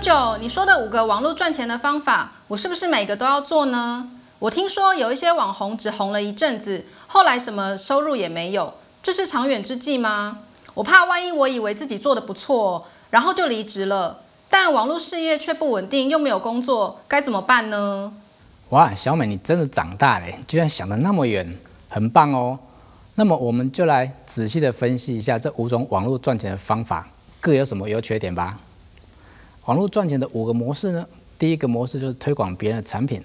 九，你說的五個網絡賺錢的方法，我是不是每個都要做呢？我聽說有一些網紅只紅了一陣子，後來什麼收入也沒有，這是長遠之計嗎？我怕萬一我以為自己做得不錯，然後就離職了，但網絡事業卻不穩定，又沒有工作，該怎麼辦呢？哇，小美你真的長大了，居然想得那麼遠，很棒哦。那麼我們就來仔細的分析一下這五種網絡賺錢的方法，各有什麼優缺點吧。網絡賺錢的五個模式呢？第一個模式就是推廣別人的產品，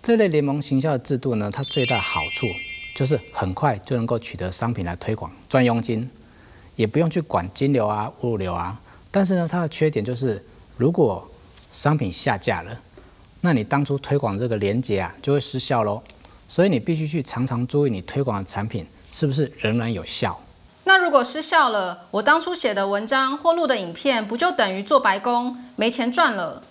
這類聯盟行銷的制度呢，它最大的好處就是很快就能夠取得商品來推廣賺佣金，也不用去管金流啊、物流啊。但是呢，它的缺點就是如果商品下架了，那你當初推廣這個鏈接啊就會失效嘍。所以你必須去常常注意你推廣的產品是不是仍然有效。那如果失效了，我當初寫的文章或錄的影片，不就等於做白工？沒錢賺了，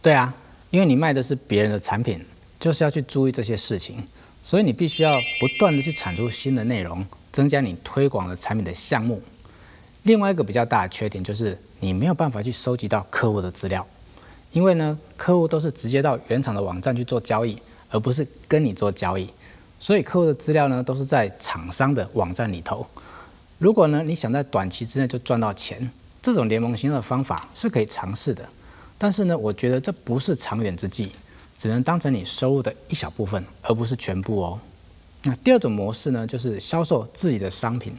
對啊，因為你賣的是別人的產品，就是要去注意這些事情，所以你必須要不斷地去產出新的內容，增加你推廣的產品的項目。另外一個比較大的缺點就是你沒有辦法去收集到客戶的資料，因為呢，客戶都是直接到原廠的網站去做交易，而不是跟你做交易，所以客戶的資料呢，都是在廠商的網站裡頭。如果呢，你想在短期之內就賺到錢。這種聯盟型的方法是可以嘗試的，但是呢，我覺得這不是長遠之計，只能當成你收入的一小部分，而不是全部哦。那第二種模式呢，就是銷售自己的商品，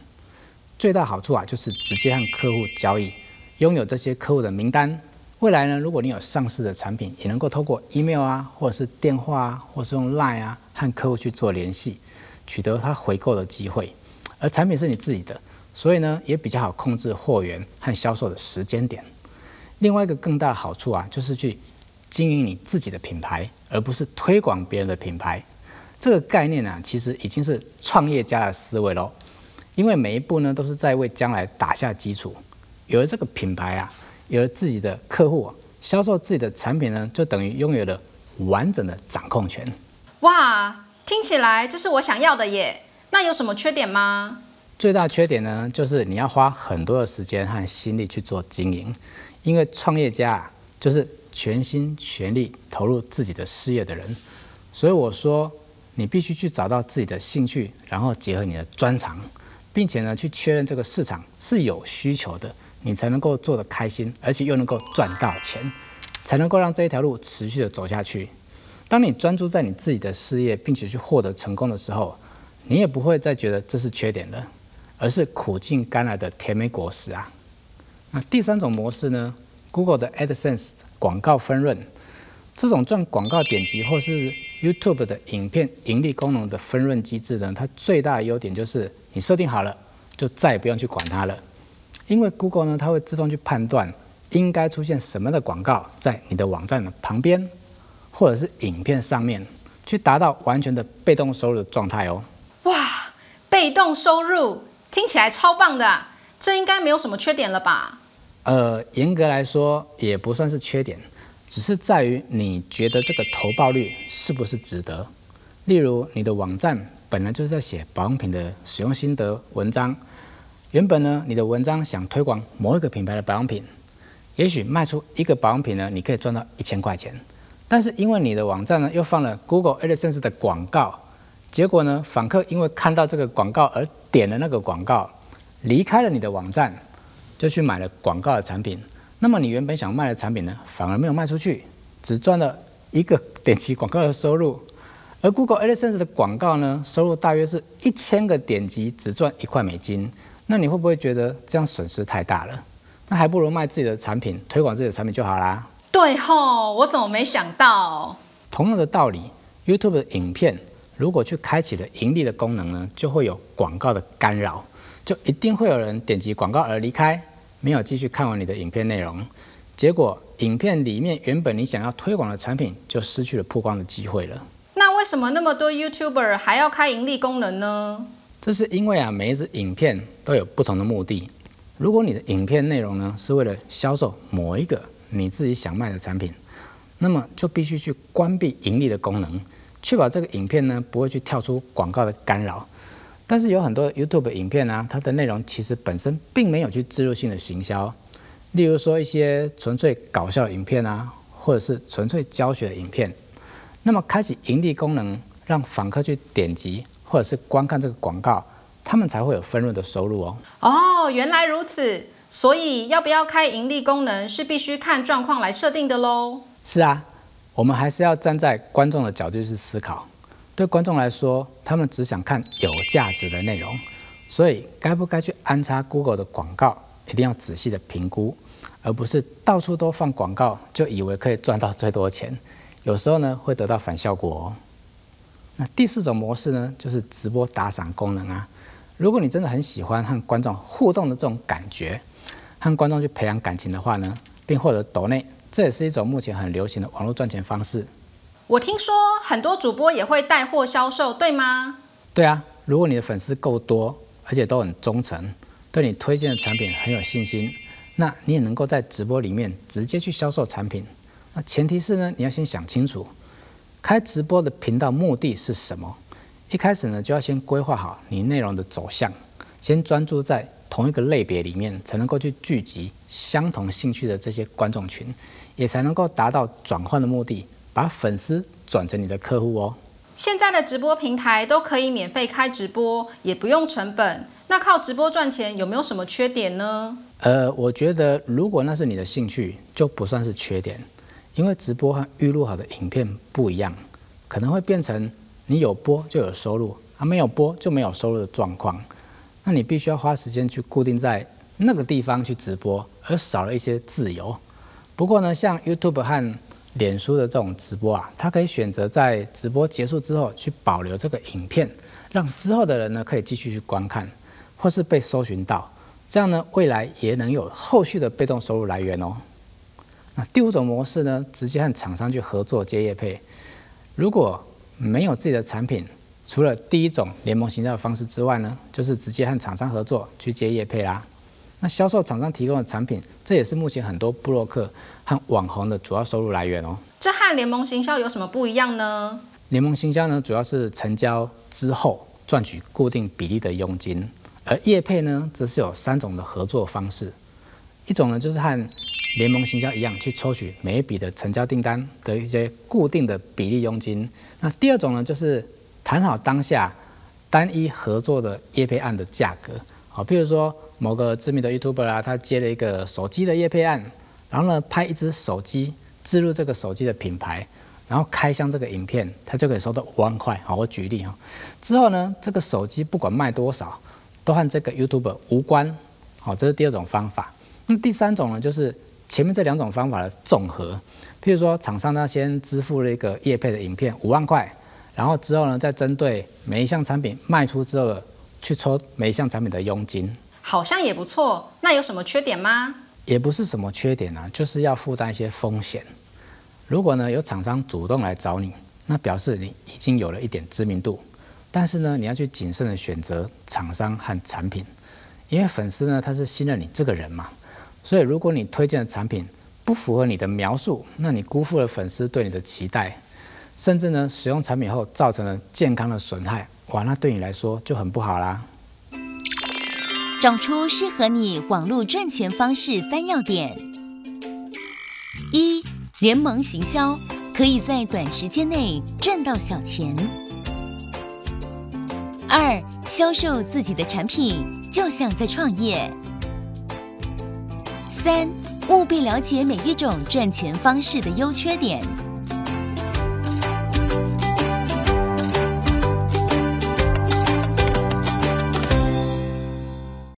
最大好處啊就是直接和客戶交易，擁有這些客戶的名單。未來呢，如果你有上市的產品，也能夠透過 email 啊，或者是電話啊，或者是用 line 啊，和客戶去做聯繫，取得他回購的機會，而產品是你自己的。所以呢，也比較好控制貨源和銷售的時間點。另外一個更大的好處啊，就是去經營你自己的品牌，而不是推廣別人的品牌。這個概念呢、啊，其實已經是創業家的思維嘍。因為每一步呢，都是在為將來打下基礎。有了這個品牌啊，有了自己的客戶啊，銷售自己的產品呢，就等於擁有了完整的掌控權。哇，聽起來這是我想要的耶。那有什麼缺點嗎？最大缺點呢，就是你要花很多的時間和心力去做經營，因為創業家啊，就是全心全力投入自己的事業的人，所以我說，你必須去找到自己的興趣，然後結合你的專長，並且呢，去確認這個市場是有需求的，你才能夠做得開心，而且又能夠賺到錢，才能夠讓這一條路持續地走下去。當你專注在你自己的事業，並且去獲得成功的時候，你也不會再覺得這是缺點了。而是苦盡甘來的甜美果實啊！那第三種模式呢，Google 的 AdSense 廣告分潤，這種賺廣告點擊或是 YouTube 的影片盈利功能的分潤機制呢，它最大的優點就是你設定好了，就再也不用去管它了，因為 Google 呢，它會自動去判斷應該出現什麼的廣告在你的網站的旁邊，或者是影片上面，去達到完全的被動收入的狀態哦。哇，被動收入！聽起來超棒的，這應該沒有什麼缺點了吧？呃，嚴格來說也不算是缺點，只是在於你覺得這個投報率是不是值得。例如，你的網站本來就是在寫保養品的使用心得文章，原本呢，你的文章想推廣某一個品牌的保養品，也許賣出一個保養品呢，你可以賺到一千塊錢。但是因為你的網站呢又放了 Google AdSense 的廣告，結果呢，訪客因為看到這個廣告而。點了那個廣告，離開了你的網站，就去買了廣告的產品。那麼你原本想賣的產品呢，反而沒有賣出去，只賺了一個點擊廣告的收入。而 Google AdSense 的廣告呢，收入大約是一千個點擊只賺一塊美金。那你會不會覺得這樣損失太大了？那還不如賣自己的產品，推廣自己的產品就好啦。對吼，哦，我怎麼沒想到？同樣的道理，YouTube 的影片。如果去開啟了盈利的功能呢，就會有廣告的干擾，就一定會有人點擊廣告而離開，沒有繼續看完你的影片內容，結果影片裡面原本你想要推廣的產品就失去了曝光的機會了。那為什麼那麼多 YouTuber 還要開盈利功能呢？這是因為啊，每一支影片都有不同的目的。如果你的影片內容呢，是為了銷售某一個你自己想賣的產品，那麼就必須去關閉盈利的功能。確保這個影片呢，不會去跳出廣告的干擾，但是有很多 YouTube 影片呢、啊，它的內容其實本身並沒有去置入性的行銷，例如說一些純粹搞笑的影片啊，或者是純粹教學的影片，那麼開啟盈利功能，讓訪客去點擊或者是觀看這個廣告，他們才會有分潤的收入哦。哦，原來如此，所以要不要開盈利功能是必須看狀況來設定的嘍。是啊。我們還是要站在觀眾的角度去思考。對觀眾來說，他們只想看有價值的內容，所以該不該去安插 Google 的廣告，一定要仔細的評估，而不是到處都放廣告就以為可以賺到最多錢。有時候呢，會得到反效果哦。那第四種模式呢，就是直播打賞功能啊。如果你真的很喜歡和觀眾互動的這種感覺，和觀眾去培養感情的話呢，並獲得抖內。這也是一種目前很流行的網絡賺錢方式。我聽說很多主播也會帶貨銷售，對嗎？對啊，如果你的粉絲夠多，而且都很忠誠，對你推薦的產品很有信心，那你也能夠在直播裡面直接去銷售產品。那前提是呢，你要先想清楚，開直播的頻道目的是什麼？一開始呢，就要先規劃好你內容的走向，先專注在同一個類別裡面，才能夠去聚集相同興趣的這些觀眾群，也才能夠達到轉換的目的，把粉絲轉成你的客戶哦。現在的直播平台都可以免費開直播，也不用成本。那靠直播賺錢有沒有什麼缺點呢？呃，我覺得如果那是你的興趣，就不算是缺點，因為直播和預錄好的影片不一樣，可能會變成你有播就有收入，而、啊、沒有播就沒有收入的狀況。那你必須要花時間去固定在那個地方去直播，而少了一些自由。不過呢，像 YouTube 和臉書的這種直播啊，它可以選擇在直播結束之後去保留這個影片，讓之後的人呢可以繼續去觀看，或是被搜尋到，這樣呢未來也能有後續的被動收入來源哦。那第五種模式呢，直接和廠商去合作接業配，如果沒有自己的產品。除了第一種聯盟行銷的方式之外呢，就是直接和廠商合作去接業配啦。那銷售廠商提供的產品，這也是目前很多部落客和網紅的主要收入來源哦。這和聯盟行銷有什麼不一樣呢？聯盟行銷呢，主要是成交之後賺取固定比例的佣金，而業配呢，則是有三種的合作方式。一種呢，就是和聯盟行銷一樣，去抽取每一筆的成交訂單的一些固定的比例佣金。那第二種呢，就是談好當下單一合作的業配案的價格。好，譬如說某個知名的 YouTuber 啦，啊，他接了一個手機的業配案，然後呢拍一支手機，置入這個手機的品牌，然後開箱這個影片，他就可以收到五萬塊。好，我舉例啊，喔。之後呢，這個手機不管賣多少，都和這個 YouTuber 無關。好，這是第二種方法。那第三種呢，就是前面這兩種方法的總和。譬如說，廠商呢先支付了一個業配的影片五萬塊。然後之後呢，再針對每一項產品賣出之後，去抽每一項產品的佣金，好像也不錯。那有什麼缺點嗎？也不是什麼缺點啊，就是要負擔一些風險。如果呢有廠商主動來找你，那表示你已經有了一點知名度。但是呢，你要去謹慎的選擇廠商和產品，因為粉絲呢他是信任你這個人嘛。所以如果你推薦的產品不符合你的描述，那你辜負了粉絲對你的期待。甚至呢，使用產品後造成了健康的損害，哇，那對你來說就很不好啦。找出適合你網絡賺錢方式三要點：一、聯盟行銷可以在短時間內賺到小錢；二、銷售自己的產品就像在創業；三、務必了解每一種賺錢方式的優缺點。